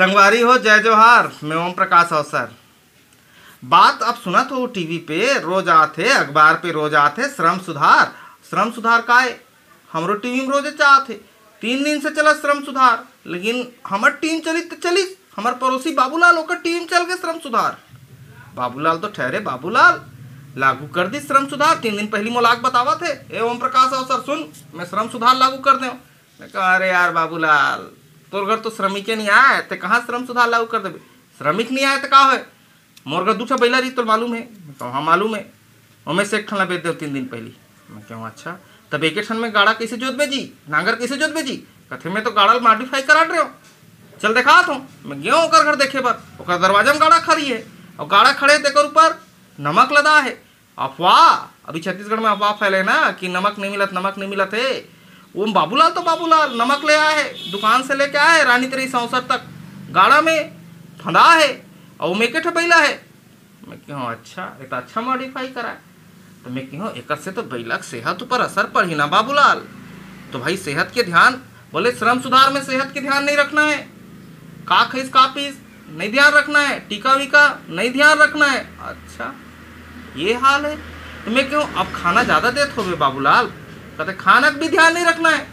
संगवारी हो जय जवाहर मैं ओम प्रकाश अवसर बात अब सुना तो टीवी पे रोज आते अखबार पे रोज आते श्रम सुधार श्रम सुधार का है हमरो टीवी में रोजे चाहते तीन दिन से चला श्रम सुधार लेकिन हमारे टीम चली तो चली हमारे पड़ोसी बाबूलाल होकर टीम चल गए श्रम सुधार बाबूलाल तो ठहरे बाबूलाल लागू कर दी श्रम सुधार तीन दिन पहली मोलाक बतावा थे ए ओम प्रकाश अवसर सुन मैं श्रम सुधार लागू कर दे अरे यार बाबूलाल तोर घर तो श्रमिके नहीं आए तो कहाँ श्रम सुधार लागू कर देवे श्रमिक नहीं आए तो कहा है मोर घर दूसरा बैला रही तो मालूम है तो हाँ मालूम है हमें से एक ठन बेच दे तीन दिन पहली मैं कहूँ अच्छा तब एक ठन में गाड़ा कैसे जोत जी नांगर कैसे जोत जी कथे में तो गाड़ा मॉडिफाई करा रहे हो चल देखा तो मैं गे ओकर घर देखे बर ओकर दरवाजा में गाड़ा खड़ी है और गाड़ा खड़े तेकर ऊपर नमक लदा है अफवाह अभी छत्तीसगढ़ में अफवाह फैले ना कि नमक नहीं मिलत नमक नहीं मिलत है वो बाबूलाल तो बाबूलाल नमक ले आया है दुकान से लेके आए रानी तेरी सौसर तक गाड़ा में फंदा है और मेके ठबैला है मैं क्यों हाँ, अच्छा एक तो अच्छा मॉडिफाई करा तो मैं क्यों एक से तो बैलक सेहत ऊपर असर पड़ ही ना बाबूलाल तो भाई सेहत के ध्यान बोले श्रम सुधार में सेहत के ध्यान नहीं रखना है का खीस का पीस नहीं ध्यान रखना है टीका वीका नहीं ध्यान रखना है अच्छा ये हाल है तो मैं क्यों अब खाना ज़्यादा देते हो बाबूलाल कहते खाना भी ध्यान नहीं रखना है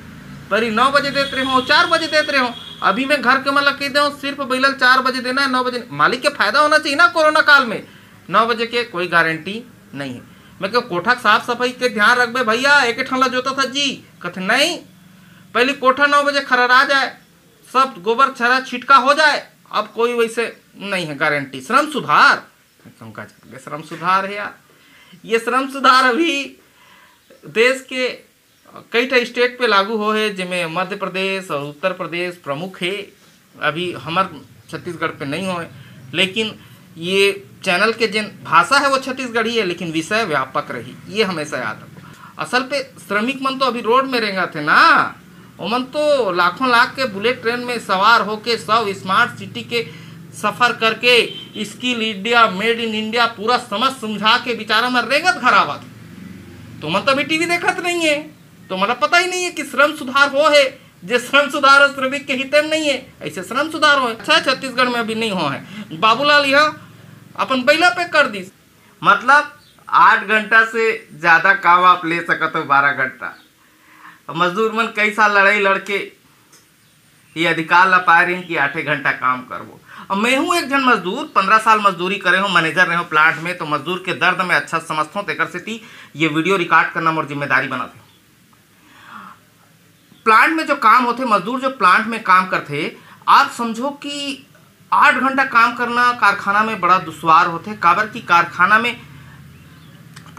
परी नौ बजे देते रहे हो चार बजे देते रहे हो अभी मैं घर के मतलब कह दे सिर्फ बैलल चार बजे देना है नौ बजे मालिक के फायदा होना चाहिए ना कोरोना काल में नौ बजे के कोई गारंटी नहीं है मैं क्यों कोठा साफ सफाई के ध्यान रखबे भैया एक ठंडा जोता था जी कथे नहीं पहले कोठा नौ बजे आ जाए सब गोबर छरा छिटका हो जाए अब कोई वैसे नहीं है गारंटी श्रम सुधार श्रम सुधार है यार ये श्रम सुधार अभी देश के कई टा स्टेट पे लागू हो है जिनमें मध्य प्रदेश और उत्तर प्रदेश प्रमुख है अभी हमार छत्तीसगढ़ पे नहीं हो है लेकिन ये चैनल के जिन भाषा है वो छत्तीसगढ़ी है लेकिन विषय व्यापक रही ये हमेशा याद रखो असल पे श्रमिक मन तो अभी रोड में रेंगा थे ना उमन तो लाखों लाख के बुलेट ट्रेन में सवार होके सब स्मार्ट सिटी के सफ़र करके skill India made in India पूरा समझ समझा के बेचारा मर रेंगत घर आवा तो मन तो अभी टीवी देखत नहीं है तो मतलब पता ही नहीं है कि श्रम सुधार हो है जो श्रम सुधार श्रमिक के हित में नहीं है ऐसे श्रम सुधार हो अच्छा छत्तीसगढ़ में अभी नहीं हो है बाबूलाल यहाँ अपन बैला पे कर दी मतलब आठ घंटा से ज़्यादा काम आप ले सकते हो बारह घंटा मजदूर मन कई साल लड़ाई लड़के ये अधिकार ला पाए रहे कि आठे घंटा काम करवो और मैं हूँ एक जन मजदूर पंद्रह साल मजदूरी करे हूँ मैनेजर रहे हूँ प्लांट में तो मजदूर के दर्द में अच्छा समझता हूँ तेकर तो सेती ये वीडियो रिकॉर्ड करना मोर जिम्मेदारी बना था प्लांट में जो काम होते मजदूर जो प्लांट में काम करते आप समझो कि आठ घंटा काम करना कारखाना में बड़ा दुशवार होते काबर की कारखाना में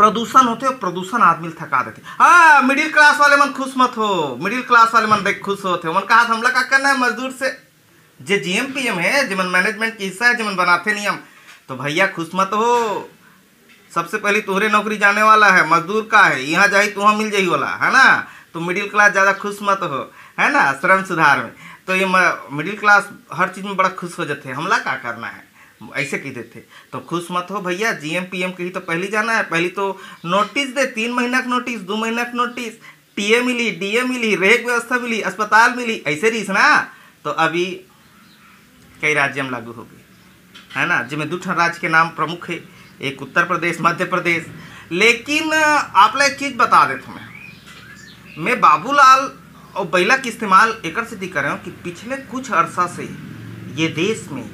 प्रदूषण होते और प्रदूषण आदमी थका देते हाँ मिडिल क्लास वाले मन खुश मत हो मिडिल क्लास वाले मन देख खुश होते मन कहा हमला का करना है मजदूर से जे जी एम पी एम है जिमन मैनेजमेंट की हिस्सा है जिमन बनाते नियम तो भैया खुश मत हो सबसे पहले तुहरे नौकरी जाने वाला है मजदूर का है यहाँ तो वहाँ मिल जाइ वाला है ना तो मिडिल क्लास ज़्यादा खुश मत हो है ना श्रम सुधार में तो ये मिडिल क्लास हर चीज़ में बड़ा खुश हो जाते हैं हमला क्या करना है ऐसे कह देते तो खुश मत हो भैया जीएम पीएम के ही तो पहले जाना है पहले तो नोटिस दे तीन महीना का नोटिस दो महीना का नोटिस टीए मिली डीए मिली रेक व्यवस्था मिली अस्पताल मिली ऐसे रीस ना तो अभी कई राज्य में लागू हो गए है ना जिसमें दूठन राज्य के नाम प्रमुख है एक उत्तर प्रदेश मध्य प्रदेश लेकिन आप एक चीज़ बता देता मैं मैं बाबूलाल और बैला का इस्तेमाल एक सिद्धि कर रहा हूँ कि पिछले कुछ अरसा से ये देश में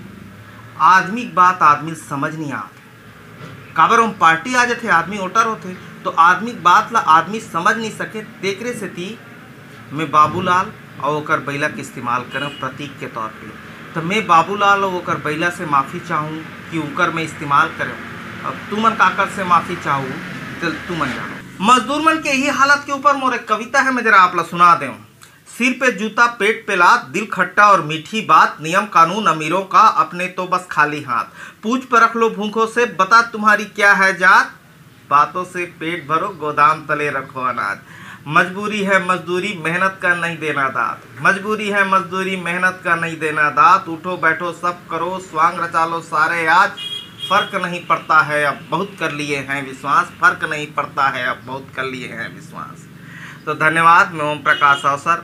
आदमी की बात आदमी समझ नहीं आते काबर हम पार्टी आ जाते आदमी वोटर होते तो आदमी बात ला आदमी समझ नहीं सके तेकरे से थी मैं बाबूलाल और ओकर बैला के इस्तेमाल करूँ प्रतीक के तौर पे तो मैं बाबूलाल और ओकर बैला से माफ़ी चाहूँ कि ओकर मैं इस्तेमाल करूँ अब तुमन काकर से माफ़ी चाहूँ तो तुमन जानो मजदूर मन के यही हालत के ऊपर मोर एक कविता है मैं जरा आप ला सुना दे सिर पे जूता पेट पे लात दिल खट्टा और मीठी बात नियम कानून अमीरों का अपने तो बस खाली हाथ पूछ पर रख लो भूखों से बता तुम्हारी क्या है जात बातों से पेट भरो गोदाम तले रखो अनाज मजबूरी है मजदूरी मेहनत का नहीं देना दात मजबूरी है मजदूरी मेहनत का नहीं देना दात उठो बैठो सब करो स्वांग रचा लो सारे आज फ़र्क नहीं पड़ता है अब बहुत कर लिए हैं विश्वास फ़र्क नहीं पड़ता है अब बहुत कर लिए हैं विश्वास तो धन्यवाद मैं ओम प्रकाश अवसर